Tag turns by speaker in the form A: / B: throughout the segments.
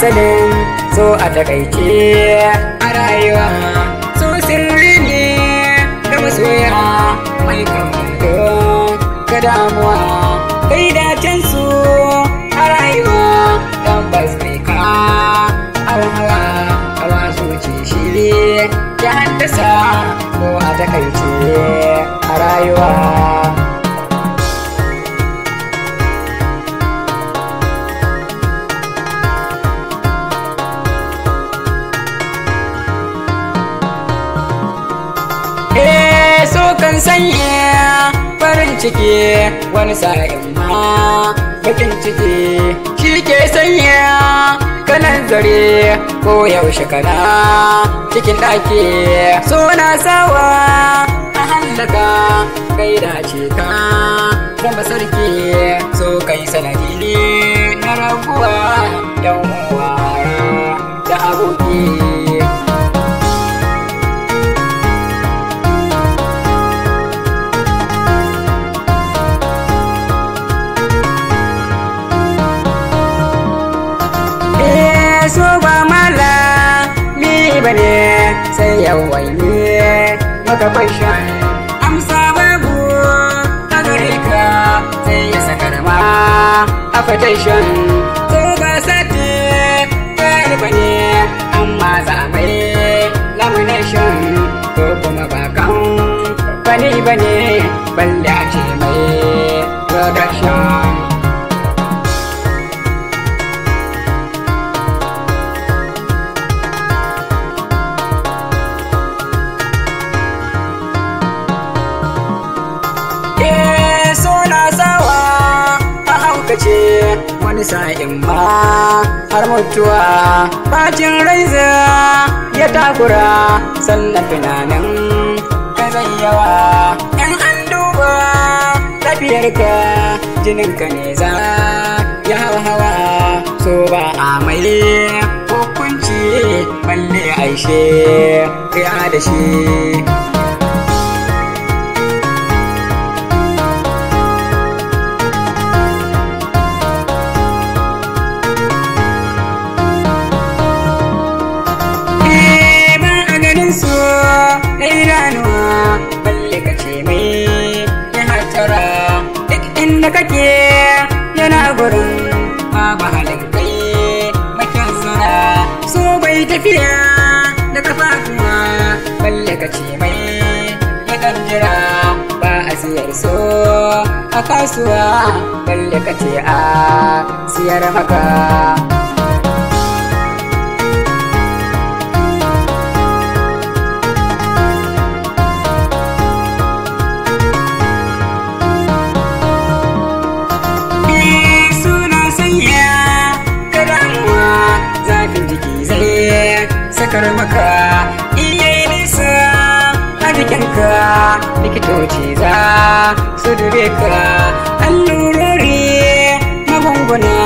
A: sanin so a takaice a rayuwa so sirri ne ga masoya mai kamando ga damuwa kai dacen su a rayuwa tabbas ne ka a hawa ce shi ya haddasa ko a takaice a rayuwa kan sanya farin ciki wani sa'in ma bakin ciki shi ke sanya kanan zare ko yaushe kana cikin ɗaki suna sawa a hallaka kai da ce ka kuma sarki so kai sanadi na raguwa yan uwa da abokin sai yawai ne maka fasha amsa babu ta gare ka sai ya sakar ma a fatashan to ba sati ya rufe ne amma za mai lamination ko kuma ba kan bane bane balle a ce mai production ce wani sa'in ma har mutuwa bacin raiza ya takura sannan tunanin ka zai yawa in an duba tafiyarka jininka ne za ya hawa so ba a mai hukunci balle aishe ya da shi abin da kake yana gurin babu halittai kai makin suna so bai tafiya da kuma balle ka ce mai yakan jira ba a siyar so a kasuwa balle ka ce a siyar maka sakar maka iya nisa arzikinka likitoci za su dure ka allurori magunguna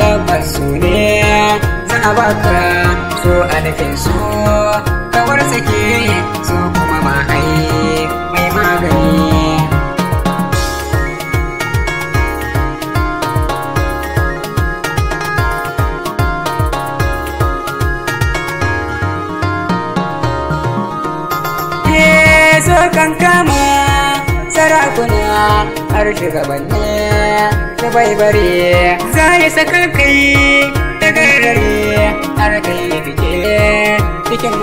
A: tabbas su ne za a baka so a su kawar sake su Kankama, kama sarakuna har shugabanni da bari za yi sakar kai da garare har kai fice cikin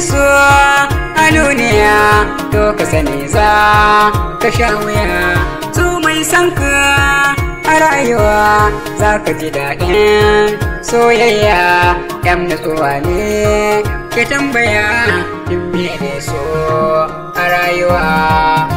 A: su a duniya to ka sani za ka sha wuya su mai san ka a rayuwa za ka ji daɗin soyayya yan natsuwa ne ka tambaya duk me so a rayuwa